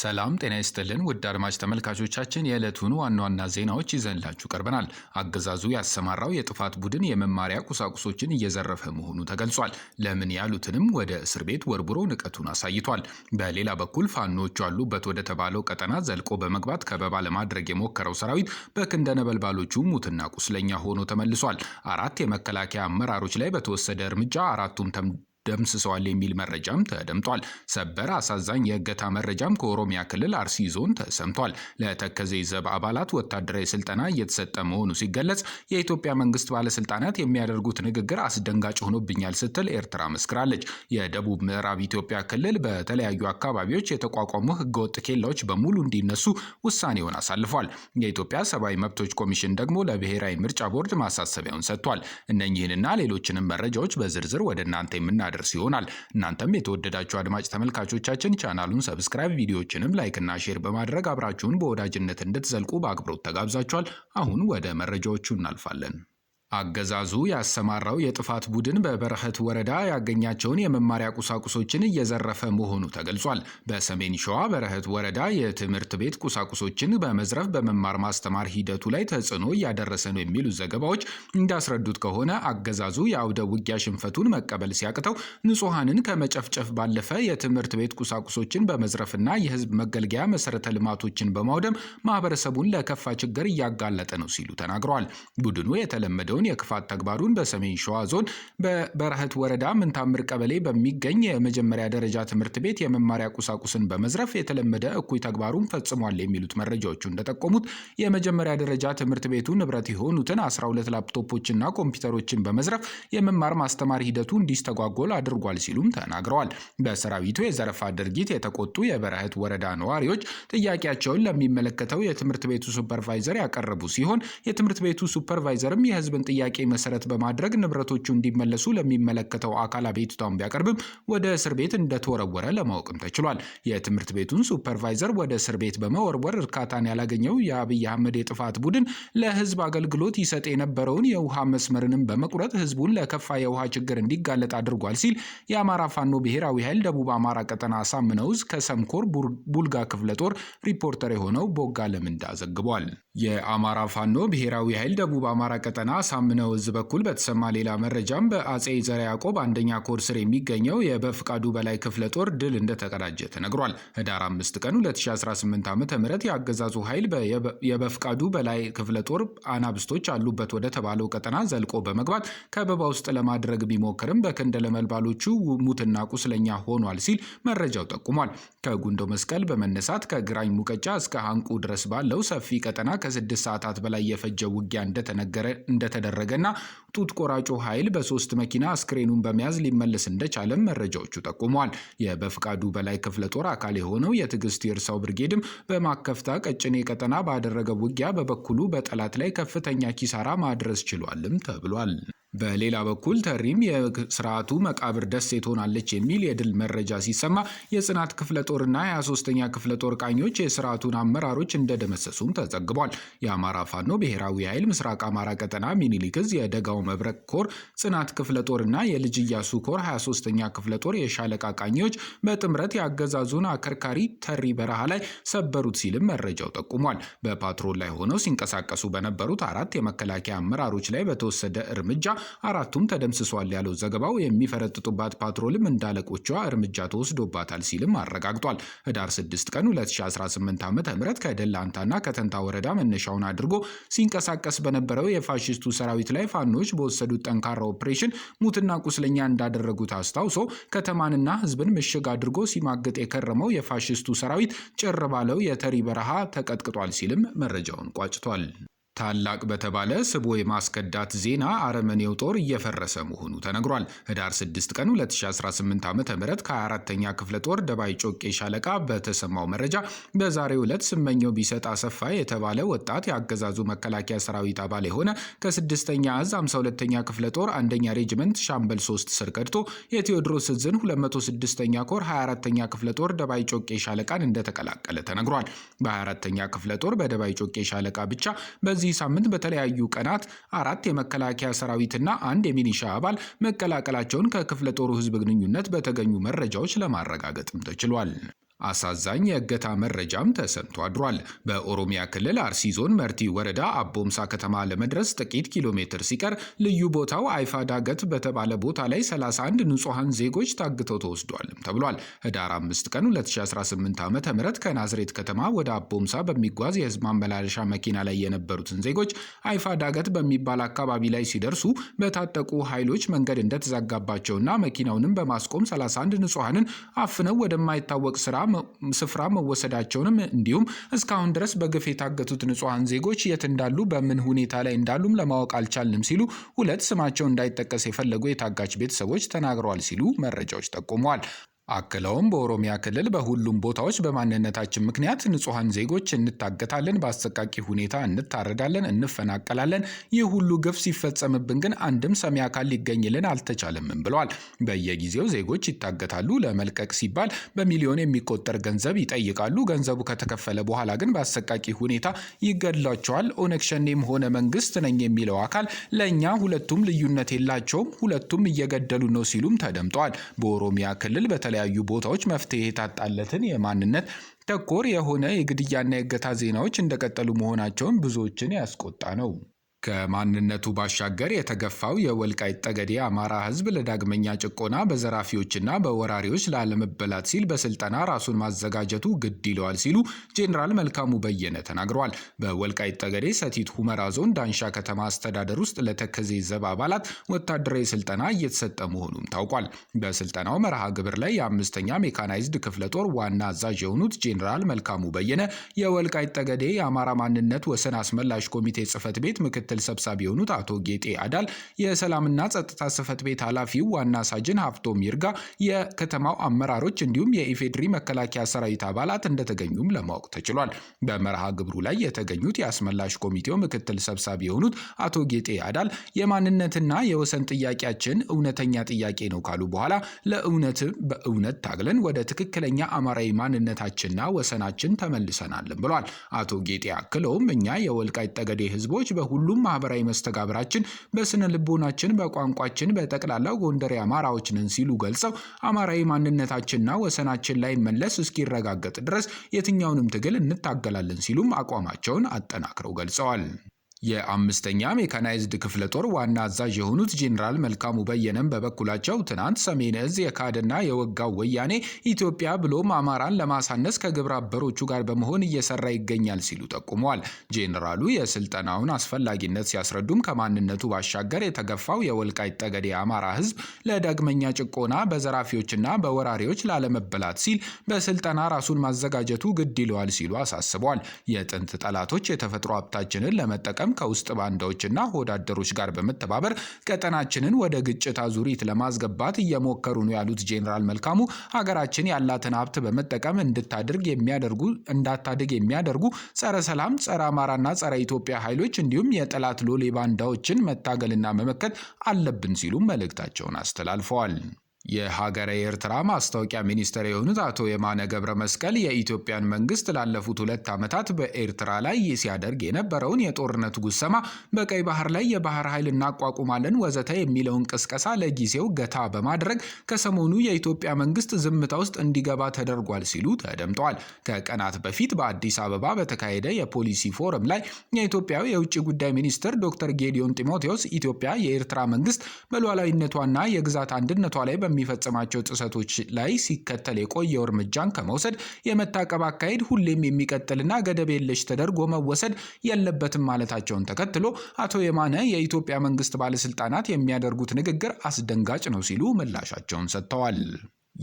ሰላም ጤና ይስጥልን ውድ አድማጭ ተመልካቾቻችን የዕለቱን ዋና ዋና ዜናዎች ይዘንላችሁ ቀርበናል። አገዛዙ ያሰማራው የጥፋት ቡድን የመማሪያ ቁሳቁሶችን እየዘረፈ መሆኑ ተገልጿል። ለምን ያሉትንም ወደ እስር ቤት ወርውሮ ንቀቱን አሳይቷል። በሌላ በኩል ፋኖቹ አሉበት ወደ ተባለው ቀጠና ዘልቆ በመግባት ከበባ ለማድረግ የሞከረው ሰራዊት በክንደ ነበልባሎቹ ሙትና ቁስለኛ ሆኖ ተመልሷል። አራት የመከላከያ አመራሮች ላይ በተወሰደ እርምጃ አራቱም ደምስሰዋል የሚል መረጃም ተደምጧል። ሰበር አሳዛኝ የእገታ መረጃም ከኦሮሚያ ክልል አርሲ ዞን ተሰምቷል። ለተከዜ ዘብ አባላት ወታደራዊ ስልጠና እየተሰጠ መሆኑ ሲገለጽ የኢትዮጵያ መንግስት ባለስልጣናት የሚያደርጉት ንግግር አስደንጋጭ ሆኖብኛል ስትል ኤርትራ መስክራለች። የደቡብ ምዕራብ ኢትዮጵያ ክልል በተለያዩ አካባቢዎች የተቋቋሙ ህገወጥ ኬላዎች በሙሉ እንዲነሱ ውሳኔውን አሳልፏል። የኢትዮጵያ ሰብአዊ መብቶች ኮሚሽን ደግሞ ለብሔራዊ ምርጫ ቦርድ ማሳሰቢያውን ሰጥቷል። እነኚህንና ሌሎችንም መረጃዎች በዝርዝር ወደ እናንተ የምናደርግ የምናደርስ ይሆናል። እናንተም የተወደዳችሁ አድማጭ ተመልካቾቻችን ቻናሉን ሰብስክራይብ፣ ቪዲዮዎችንም ላይክና ሼር በማድረግ አብራችሁን በወዳጅነት እንድትዘልቁ በአክብሮት ተጋብዛችኋል። አሁን ወደ መረጃዎቹ እናልፋለን። አገዛዙ ያሰማራው የጥፋት ቡድን በበረኸት ወረዳ ያገኛቸውን የመማሪያ ቁሳቁሶችን እየዘረፈ መሆኑ ተገልጿል። በሰሜን ሸዋ በረኸት ወረዳ የትምህርት ቤት ቁሳቁሶችን በመዝረፍ በመማር ማስተማር ሂደቱ ላይ ተጽዕኖ እያደረሰ ነው የሚሉ ዘገባዎች እንዳስረዱት ከሆነ አገዛዙ የአውደ ውጊያ ሽንፈቱን መቀበል ሲያቅተው ንጹሐንን ከመጨፍጨፍ ባለፈ የትምህርት ቤት ቁሳቁሶችን በመዝረፍና የህዝብ መገልገያ መሰረተ ልማቶችን በማውደም ማህበረሰቡን ለከፋ ችግር እያጋለጠ ነው ሲሉ ተናግረዋል። ቡድኑ የተለመደው ያለውን የክፋት ተግባሩን በሰሜን ሸዋ ዞን በበረህት ወረዳ ምንታምር ቀበሌ በሚገኝ የመጀመሪያ ደረጃ ትምህርት ቤት የመማሪያ ቁሳቁስን በመዝረፍ የተለመደ እኩይ ተግባሩን ፈጽሟል የሚሉት መረጃዎቹ እንደጠቆሙት የመጀመሪያ ደረጃ ትምህርት ቤቱ ንብረት የሆኑትን 12 ላፕቶፖችና ኮምፒውተሮችን በመዝረፍ የመማር ማስተማር ሂደቱ እንዲስተጓጎል አድርጓል ሲሉም ተናግረዋል። በሰራዊቱ የዘረፋ ድርጊት የተቆጡ የበረህት ወረዳ ነዋሪዎች ጥያቄያቸውን ለሚመለከተው የትምህርት ቤቱ ሱፐርቫይዘር ያቀረቡ ሲሆን የትምህርት ቤቱ ሱፐርቫይዘርም የህዝብን ጥያቄ መሰረት በማድረግ ንብረቶቹ እንዲመለሱ ለሚመለከተው አካል አቤቱታውን ቢያቀርብም ወደ እስር ቤት እንደተወረወረ ለማወቅም ተችሏል። የትምህርት ቤቱን ሱፐርቫይዘር ወደ እስር ቤት በመወርወር እርካታን ያላገኘው የአብይ አህመድ የጥፋት ቡድን ለህዝብ አገልግሎት ይሰጥ የነበረውን የውሃ መስመርንም በመቁረጥ ህዝቡን ለከፋ የውሃ ችግር እንዲጋለጥ አድርጓል ሲል የአማራ ፋኖ ብሔራዊ ኃይል ደቡብ አማራ ቀጠና አሳምነውዝ ከሰምኮር ቡልጋ ክፍለ ጦር ሪፖርተር የሆነው ቦጋ ለምንዳ ዘግቧል። የአማራ ፋኖ ብሔራዊ ኃይል ደቡብ አማራ ቀጠና አሳምነው እዝ በኩል በተሰማ ሌላ መረጃም በአጼ ዘርዓ ያዕቆብ አንደኛ ኮር ስር የሚገኘው የበፍቃዱ በላይ ክፍለ ጦር ድል እንደተቀዳጀ ተነግሯል። ህዳር 5 ቀን 2018 ዓ ም የአገዛዙ ኃይል የበፍቃዱ በላይ ክፍለ ጦር አናብስቶች አሉበት ወደ ተባለው ቀጠና ዘልቆ በመግባት ከበባ ውስጥ ለማድረግ ቢሞክርም በክንደ ለመልባሎቹ ሙትና ቁስለኛ ሆኗል ሲል መረጃው ጠቁሟል። ከጉንዶ መስቀል በመነሳት ከግራኝ ሙቀጫ እስከ ሐንቁ ድረስ ባለው ሰፊ ቀጠና ከስድስት ሰዓታት በላይ የፈጀ ውጊያ እንደተነገረ እንደተደረገ እንደተደረገና ጡት ቆራጩ ኃይል በሶስት መኪና አስክሬኑን በመያዝ ሊመለስ እንደቻለም መረጃዎቹ ጠቁመዋል። የበፍቃዱ በላይ ክፍለ ጦር አካል የሆነው የትዕግስት የእርሳው ብርጌድም በማከፍታ ቀጭኔ ቀጠና ባደረገው ውጊያ በበኩሉ በጠላት ላይ ከፍተኛ ኪሳራ ማድረስ ችሏልም ተብሏል። በሌላ በኩል ተሪም የስርዓቱ መቃብር ደሴት ሆናለች የሚል የድል መረጃ ሲሰማ የጽናት ክፍለ ጦርና የ23ኛ ክፍለ ጦር ቃኞች የስርዓቱን አመራሮች እንደደመሰሱም ተዘግቧል። የአማራ ፋኖ ብሔራዊ ኃይል ምስራቅ አማራ ቀጠና ሚኒሊክዝ የደጋው መብረቅ ኮር ጽናት ክፍለ ጦርና የልጅ እያሱ ኮር 23ኛ ክፍለ ጦር የሻለቃ ቃኞች በጥምረት የአገዛዙን አከርካሪ ተሪ በረሃ ላይ ሰበሩት ሲልም መረጃው ጠቁሟል። በፓትሮል ላይ ሆነው ሲንቀሳቀሱ በነበሩት አራት የመከላከያ አመራሮች ላይ በተወሰደ እርምጃ አራቱም ተደምስሷል ያለው ዘገባው የሚፈረጥጡባት ፓትሮልም እንዳለቆቿ እርምጃ ተወስዶባታል ሲልም አረጋግጧል። ህዳር 6 ቀን 2018 ዓ ም ከደላንታና ከተንታ ወረዳ መነሻውን አድርጎ ሲንቀሳቀስ በነበረው የፋሽስቱ ሰራዊት ላይ ፋኖች በወሰዱት ጠንካራ ኦፕሬሽን ሙትና ቁስለኛ እንዳደረጉት አስታውሶ ከተማንና ህዝብን ምሽግ አድርጎ ሲማግጥ የከረመው የፋሽስቱ ሰራዊት ጭር ባለው የተሪ በረሃ ተቀጥቅጧል ሲልም መረጃውን ቋጭቷል። ታላቅ በተባለ ስቦ የማስከዳት ዜና አረመኔው ጦር እየፈረሰ መሆኑ ተነግሯል። ህዳር 6 ቀን 2018 ዓ ም ከ24ተኛ ክፍለ ጦር ደባይ ጮቄ ሻለቃ በተሰማው መረጃ በዛሬው ዕለት ስመኘው ቢሰጥ አሰፋ የተባለ ወጣት የአገዛዙ መከላከያ ሰራዊት አባል የሆነ ከስድስተኛ እዝ 52ተኛ ክፍለ ጦር አንደኛ ሬጅመንት ሻምበል 3 ስር ቀድቶ የቴዎድሮስ እዝን 206ተኛ ኮር 24ተኛ ክፍለ ጦር ደባይ ጮቄ ሻለቃን እንደተቀላቀለ ተነግሯል። በ24ተኛ ክፍለ ጦር በደባይ ጮቄ ሻለቃ ብቻ በዚህ በዚህ ሳምንት በተለያዩ ቀናት አራት የመከላከያ ሰራዊትና አንድ የሚሊሻ አባል መቀላቀላቸውን ከክፍለ ጦሩ ህዝብ ግንኙነት በተገኙ መረጃዎች ለማረጋገጥም ተችሏል። አሳዛኝ የእገታ መረጃም ተሰምቶ አድሯል። በኦሮሚያ ክልል አርሲ ዞን መርቲ ወረዳ አቦምሳ ከተማ ለመድረስ ጥቂት ኪሎ ሜትር ሲቀር ልዩ ቦታው አይፋ ዳገት በተባለ ቦታ ላይ 31 ንጹሐን ዜጎች ታግተው ተወስዷልም ተብሏል። ህዳር 5 ቀን 2018 ዓ ም ከናዝሬት ከተማ ወደ አቦምሳ በሚጓዝ የህዝብ ማመላለሻ መኪና ላይ የነበሩትን ዜጎች አይፋ ዳገት በሚባል አካባቢ ላይ ሲደርሱ በታጠቁ ኃይሎች መንገድ እንደተዘጋባቸውና መኪናውንም በማስቆም 31 ንጹሐንን አፍነው ወደማይታወቅ ስራ ስፍራ መወሰዳቸውንም እንዲሁም እስካሁን ድረስ በግፍ የታገቱት ንጹሐን ዜጎች የት እንዳሉ በምን ሁኔታ ላይ እንዳሉም ለማወቅ አልቻልንም ሲሉ ሁለት ስማቸው እንዳይጠቀስ የፈለጉ የታጋች ቤተሰቦች ተናግረዋል ሲሉ መረጃዎች ጠቁመዋል። አክለውም በኦሮሚያ ክልል በሁሉም ቦታዎች በማንነታችን ምክንያት ንጹሐን ዜጎች እንታገታለን፣ በአሰቃቂ ሁኔታ እንታረዳለን፣ እንፈናቀላለን። ይህ ሁሉ ግፍ ሲፈጸምብን ግን አንድም ሰሚ አካል ሊገኝልን አልተቻለምም ብለዋል። በየጊዜው ዜጎች ይታገታሉ። ለመልቀቅ ሲባል በሚሊዮን የሚቆጠር ገንዘብ ይጠይቃሉ። ገንዘቡ ከተከፈለ በኋላ ግን በአሰቃቂ ሁኔታ ይገድሏቸዋል። ኦነግ ሸኔም ሆነ መንግስት ነኝ የሚለው አካል ለእኛ ሁለቱም ልዩነት የላቸውም፣ ሁለቱም እየገደሉ ነው ሲሉም ተደምጠዋል። በኦሮሚያ ክልል በተለያ በተለያዩ ቦታዎች መፍትሄ የታጣለትን የማንነት ተኮር የሆነ የግድያና የእገታ ዜናዎች እንደቀጠሉ መሆናቸውን ብዙዎችን ያስቆጣ ነው። ከማንነቱ ባሻገር የተገፋው የወልቃይት ጠገዴ አማራ ህዝብ ለዳግመኛ ጭቆና በዘራፊዎችና በወራሪዎች ላለመበላት ሲል በስልጠና ራሱን ማዘጋጀቱ ግድ ይለዋል ሲሉ ጄኔራል መልካሙ በየነ ተናግረዋል። በወልቃይት ጠገዴ ሰቲት ሁመራ ዞን ዳንሻ ከተማ አስተዳደር ውስጥ ለተከዜ ዘብ አባላት ወታደራዊ ስልጠና እየተሰጠ መሆኑም ታውቋል። በስልጠናው መርሃ ግብር ላይ የአምስተኛ ሜካናይዝድ ክፍለ ጦር ዋና አዛዥ የሆኑት ጄኔራል መልካሙ በየነ የወልቃይት ጠገዴ የአማራ ማንነት ወሰን አስመላሽ ኮሚቴ ጽህፈት ቤት ምክትል ምክትል ሰብሳቢ የሆኑት አቶ ጌጤ አዳል፣ የሰላምና ጸጥታ ጽሕፈት ቤት ኃላፊው ዋና ሳጅን ሀፍቶ ሚርጋ፣ የከተማው አመራሮች እንዲሁም የኢፌድሪ መከላከያ ሰራዊት አባላት እንደተገኙም ለማወቅ ተችሏል። በመርሃ ግብሩ ላይ የተገኙት የአስመላሽ ኮሚቴው ምክትል ሰብሳቢ የሆኑት አቶ ጌጤ አዳል የማንነትና የወሰን ጥያቄያችን እውነተኛ ጥያቄ ነው ካሉ በኋላ ለእውነት በእውነት ታግለን ወደ ትክክለኛ አማራዊ ማንነታችንና ወሰናችን ተመልሰናልም ብሏል። አቶ ጌጤ አክለውም እኛ የወልቃይት ጠገዴ ህዝቦች በሁሉም እንዲሁም ማህበራዊ መስተጋብራችን በስነ ልቦናችን፣ በቋንቋችን በጠቅላላው ጎንደሬ አማራዎች ነን ሲሉ ገልጸው አማራዊ ማንነታችንና ወሰናችን ላይ መለስ እስኪረጋገጥ ድረስ የትኛውንም ትግል እንታገላለን ሲሉም አቋማቸውን አጠናክረው ገልጸዋል። የአምስተኛ ሜካናይዝድ ክፍለ ጦር ዋና አዛዥ የሆኑት ጄኔራል መልካሙ በየነም በበኩላቸው ትናንት ሰሜን እዝ የካድና የወጋው ወያኔ ኢትዮጵያ ብሎም አማራን ለማሳነስ ከግብረ አበሮቹ ጋር በመሆን እየሰራ ይገኛል ሲሉ ጠቁመዋል። ጄኔራሉ የስልጠናውን አስፈላጊነት ሲያስረዱም ከማንነቱ ባሻገር የተገፋው የወልቃይት ጠገዴ የአማራ ሕዝብ ለዳግመኛ ጭቆና በዘራፊዎችና በወራሪዎች ላለመበላት ሲል በስልጠና ራሱን ማዘጋጀቱ ግድ ይለዋል ሲሉ አሳስቧል። የጥንት ጠላቶች የተፈጥሮ ሀብታችንን ለመጠቀም ሲሆን ከውስጥ ባንዳዎችና ሆዳደሮች ጋር በመተባበር ቀጠናችንን ወደ ግጭት አዙሪት ለማስገባት እየሞከሩ ነው ያሉት ጄኔራል መልካሙ ሀገራችን ያላትን ሀብት በመጠቀም እንድታድርግ የሚያደርጉ እንዳታድግ የሚያደርጉ ጸረ ሰላም፣ ጸረ አማራና ጸረ ኢትዮጵያ ኃይሎች እንዲሁም የጠላት ሎሌ ባንዳዎችን መታገልና መመከት አለብን ሲሉም መልእክታቸውን አስተላልፈዋል። የሀገረ ኤርትራ ማስታወቂያ ሚኒስትር የሆኑት አቶ የማነ ገብረ መስቀል የኢትዮጵያን መንግስት ላለፉት ሁለት ዓመታት በኤርትራ ላይ ሲያደርግ የነበረውን የጦርነት ጉሰማ፣ በቀይ ባህር ላይ የባህር ኃይል እናቋቁማለን ወዘተ የሚለውን ቅስቀሳ ለጊዜው ገታ በማድረግ ከሰሞኑ የኢትዮጵያ መንግስት ዝምታ ውስጥ እንዲገባ ተደርጓል ሲሉ ተደምጠዋል። ከቀናት በፊት በአዲስ አበባ በተካሄደ የፖሊሲ ፎረም ላይ የኢትዮጵያ የውጭ ጉዳይ ሚኒስትር ዶክተር ጌዲዮን ጢሞቴዎስ ኢትዮጵያ የኤርትራ መንግስት በሉዓላዊነቷና የግዛት አንድነቷ ላይ በሚፈጽማቸው ጥሰቶች ላይ ሲከተል የቆየው እርምጃን ከመውሰድ የመታቀብ አካሄድ ሁሌም የሚቀጥልና ገደብ የለሽ ተደርጎ መወሰድ የለበትም ማለታቸውን ተከትሎ አቶ የማነ የኢትዮጵያ መንግስት ባለስልጣናት የሚያደርጉት ንግግር አስደንጋጭ ነው ሲሉ ምላሻቸውን ሰጥተዋል።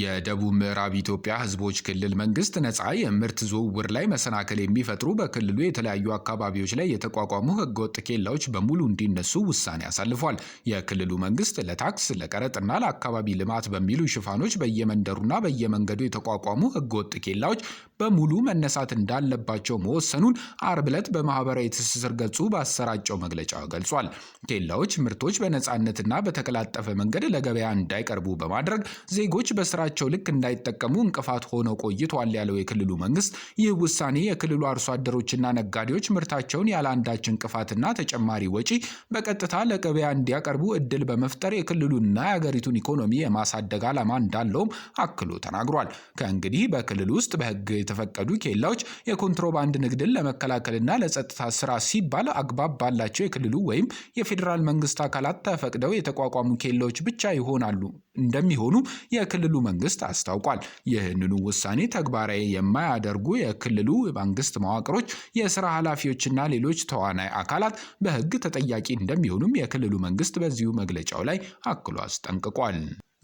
የደቡብ ምዕራብ ኢትዮጵያ ህዝቦች ክልል መንግስት ነፃ የምርት ዝውውር ላይ መሰናከል የሚፈጥሩ በክልሉ የተለያዩ አካባቢዎች ላይ የተቋቋሙ ህገወጥ ኬላዎች በሙሉ እንዲነሱ ውሳኔ አሳልፏል። የክልሉ መንግስት ለታክስ ለቀረጥና ለአካባቢ ልማት በሚሉ ሽፋኖች በየመንደሩና በየመንገዱ የተቋቋሙ ህገወጥ ኬላዎች በሙሉ መነሳት እንዳለባቸው መወሰኑን አርብ ዕለት በማህበራዊ ትስስር ገጹ ባሰራጨው መግለጫ ገልጿል። ኬላዎች ምርቶች በነፃነትና በተቀላጠፈ መንገድ ለገበያ እንዳይቀርቡ በማድረግ ዜጎች በስራቸው ልክ እንዳይጠቀሙ እንቅፋት ሆነው ቆይቷል ያለው የክልሉ መንግስት ይህ ውሳኔ የክልሉ አርሶ አደሮችና ነጋዴዎች ምርታቸውን ያለአንዳች እንቅፋትና ተጨማሪ ወጪ በቀጥታ ለገበያ እንዲያቀርቡ እድል በመፍጠር የክልሉና የሀገሪቱን ኢኮኖሚ የማሳደግ ዓላማ እንዳለውም አክሎ ተናግሯል። ከእንግዲህ በክልል ውስጥ በህግ የተፈቀዱ ኬላዎች የኮንትሮባንድ ንግድን ለመከላከልና ለጸጥታ ስራ ሲባል አግባብ ባላቸው የክልሉ ወይም የፌዴራል መንግስት አካላት ተፈቅደው የተቋቋሙ ኬላዎች ብቻ ይሆናሉ እንደሚሆኑ የክልሉ መንግስት አስታውቋል። ይህንኑ ውሳኔ ተግባራዊ የማያደርጉ የክልሉ መንግስት መዋቅሮች፣ የስራ ኃላፊዎችና ሌሎች ተዋናይ አካላት በህግ ተጠያቂ እንደሚሆኑም የክልሉ መንግስት በዚሁ መግለጫው ላይ አክሎ አስጠንቅቋል።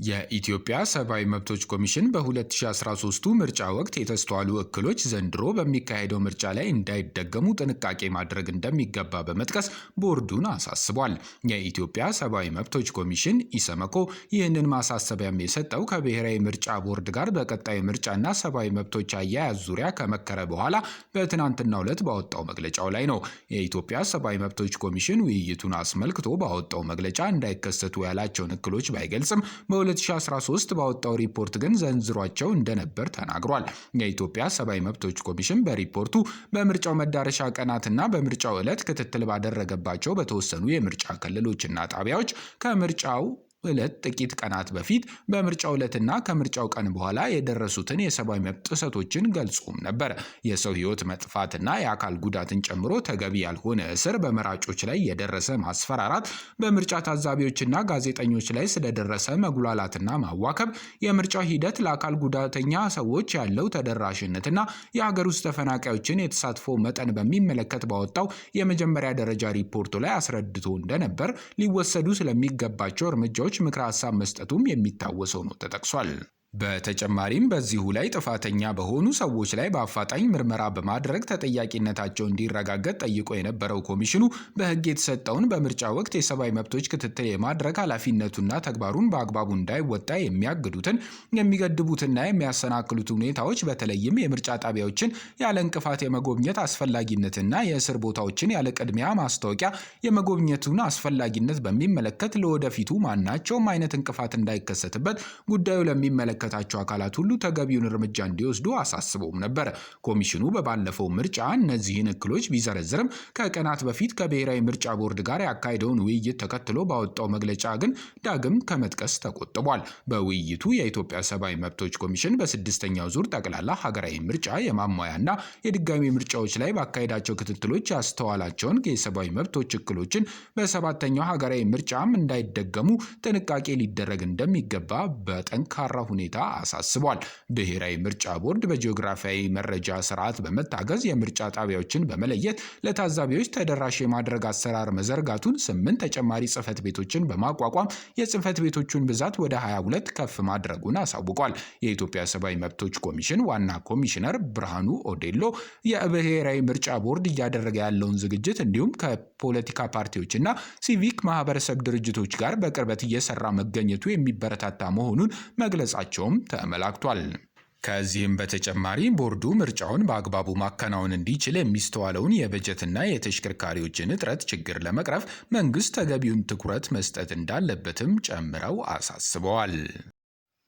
የኢትዮጵያ ሰብአዊ መብቶች ኮሚሽን በ2013ቱ ምርጫ ወቅት የተስተዋሉ እክሎች ዘንድሮ በሚካሄደው ምርጫ ላይ እንዳይደገሙ ጥንቃቄ ማድረግ እንደሚገባ በመጥቀስ ቦርዱን አሳስቧል። የኢትዮጵያ ሰብአዊ መብቶች ኮሚሽን ኢሰመኮ ይህንን ማሳሰቢያም የሰጠው ከብሔራዊ ምርጫ ቦርድ ጋር በቀጣይ ምርጫና ሰብአዊ መብቶች አያያዝ ዙሪያ ከመከረ በኋላ በትናንትናው ዕለት ባወጣው መግለጫው ላይ ነው። የኢትዮጵያ ሰብአዊ መብቶች ኮሚሽን ውይይቱን አስመልክቶ ባወጣው መግለጫ እንዳይከሰቱ ያላቸውን እክሎች ባይገልጽም 2013 ባወጣው ሪፖርት ግን ዘንዝሯቸው እንደነበር ተናግሯል። የኢትዮጵያ ሰብአዊ መብቶች ኮሚሽን በሪፖርቱ በምርጫው መዳረሻ ቀናትና በምርጫው ዕለት ክትትል ባደረገባቸው በተወሰኑ የምርጫ ክልሎችና ጣቢያዎች ከምርጫው ሁለት ጥቂት ቀናት በፊት በምርጫው ዕለትና ከምርጫው ቀን በኋላ የደረሱትን የሰብአዊ መብት ጥሰቶችን ገልጾም ነበር። የሰው ሕይወት መጥፋትና የአካል ጉዳትን ጨምሮ ተገቢ ያልሆነ እስር፣ በመራጮች ላይ የደረሰ ማስፈራራት፣ በምርጫ ታዛቢዎችና ጋዜጠኞች ላይ ስለደረሰ መጉላላትና ማዋከብ፣ የምርጫው ሂደት ለአካል ጉዳተኛ ሰዎች ያለው ተደራሽነትና የሀገር ውስጥ ተፈናቃዮችን የተሳትፎ መጠን በሚመለከት ባወጣው የመጀመሪያ ደረጃ ሪፖርቱ ላይ አስረድቶ እንደነበር ሊወሰዱ ስለሚገባቸው እርምጃዎች ጉዳዮች ምክረ ሀሳብ መስጠቱም የሚታወሰው ነው ተጠቅሷል። በተጨማሪም በዚሁ ላይ ጥፋተኛ በሆኑ ሰዎች ላይ በአፋጣኝ ምርመራ በማድረግ ተጠያቂነታቸው እንዲረጋገጥ ጠይቆ የነበረው ኮሚሽኑ በሕግ የተሰጠውን በምርጫ ወቅት የሰብአዊ መብቶች ክትትል የማድረግ ኃላፊነቱና ተግባሩን በአግባቡ እንዳይወጣ የሚያግዱትን፣ የሚገድቡትና የሚያሰናክሉት ሁኔታዎች በተለይም የምርጫ ጣቢያዎችን ያለ እንቅፋት የመጎብኘት አስፈላጊነትና የእስር ቦታዎችን ያለ ቅድሚያ ማስታወቂያ የመጎብኘቱን አስፈላጊነት በሚመለከት ለወደፊቱ ማናቸውም አይነት እንቅፋት እንዳይከሰትበት ጉዳዩ ለሚመለከ የሚመለከታቸው አካላት ሁሉ ተገቢውን እርምጃ እንዲወስዱ አሳስበውም ነበር። ኮሚሽኑ በባለፈው ምርጫ እነዚህን እክሎች ቢዘረዝርም ከቀናት በፊት ከብሔራዊ ምርጫ ቦርድ ጋር ያካሄደውን ውይይት ተከትሎ ባወጣው መግለጫ ግን ዳግም ከመጥቀስ ተቆጥቧል። በውይይቱ የኢትዮጵያ ሰብአዊ መብቶች ኮሚሽን በስድስተኛው ዙር ጠቅላላ ሀገራዊ ምርጫ የማሟያና የድጋሚ ምርጫዎች ላይ ባካሄዳቸው ክትትሎች ያስተዋላቸውን የሰብአዊ መብቶች እክሎችን በሰባተኛው ሀገራዊ ምርጫም እንዳይደገሙ ጥንቃቄ ሊደረግ እንደሚገባ በጠንካራ ሁኔታ ሁኔታ አሳስቧል። ብሔራዊ ምርጫ ቦርድ በጂኦግራፊያዊ መረጃ ስርዓት በመታገዝ የምርጫ ጣቢያዎችን በመለየት ለታዛቢዎች ተደራሽ የማድረግ አሰራር መዘርጋቱን፣ ስምንት ተጨማሪ ጽህፈት ቤቶችን በማቋቋም የጽህፈት ቤቶቹን ብዛት ወደ 22 ከፍ ማድረጉን አሳውቋል። የኢትዮጵያ ሰብአዊ መብቶች ኮሚሽን ዋና ኮሚሽነር ብርሃኑ ኦዴሎ የብሔራዊ ምርጫ ቦርድ እያደረገ ያለውን ዝግጅት እንዲሁም ከፖለቲካ ፓርቲዎችና ሲቪክ ማህበረሰብ ድርጅቶች ጋር በቅርበት እየሰራ መገኘቱ የሚበረታታ መሆኑን መግለጻቸው መሆናቸውም ተመላክቷል። ከዚህም በተጨማሪ ቦርዱ ምርጫውን በአግባቡ ማከናወን እንዲችል የሚስተዋለውን የበጀትና የተሽከርካሪዎችን እጥረት ችግር ለመቅረፍ መንግስት ተገቢውን ትኩረት መስጠት እንዳለበትም ጨምረው አሳስበዋል።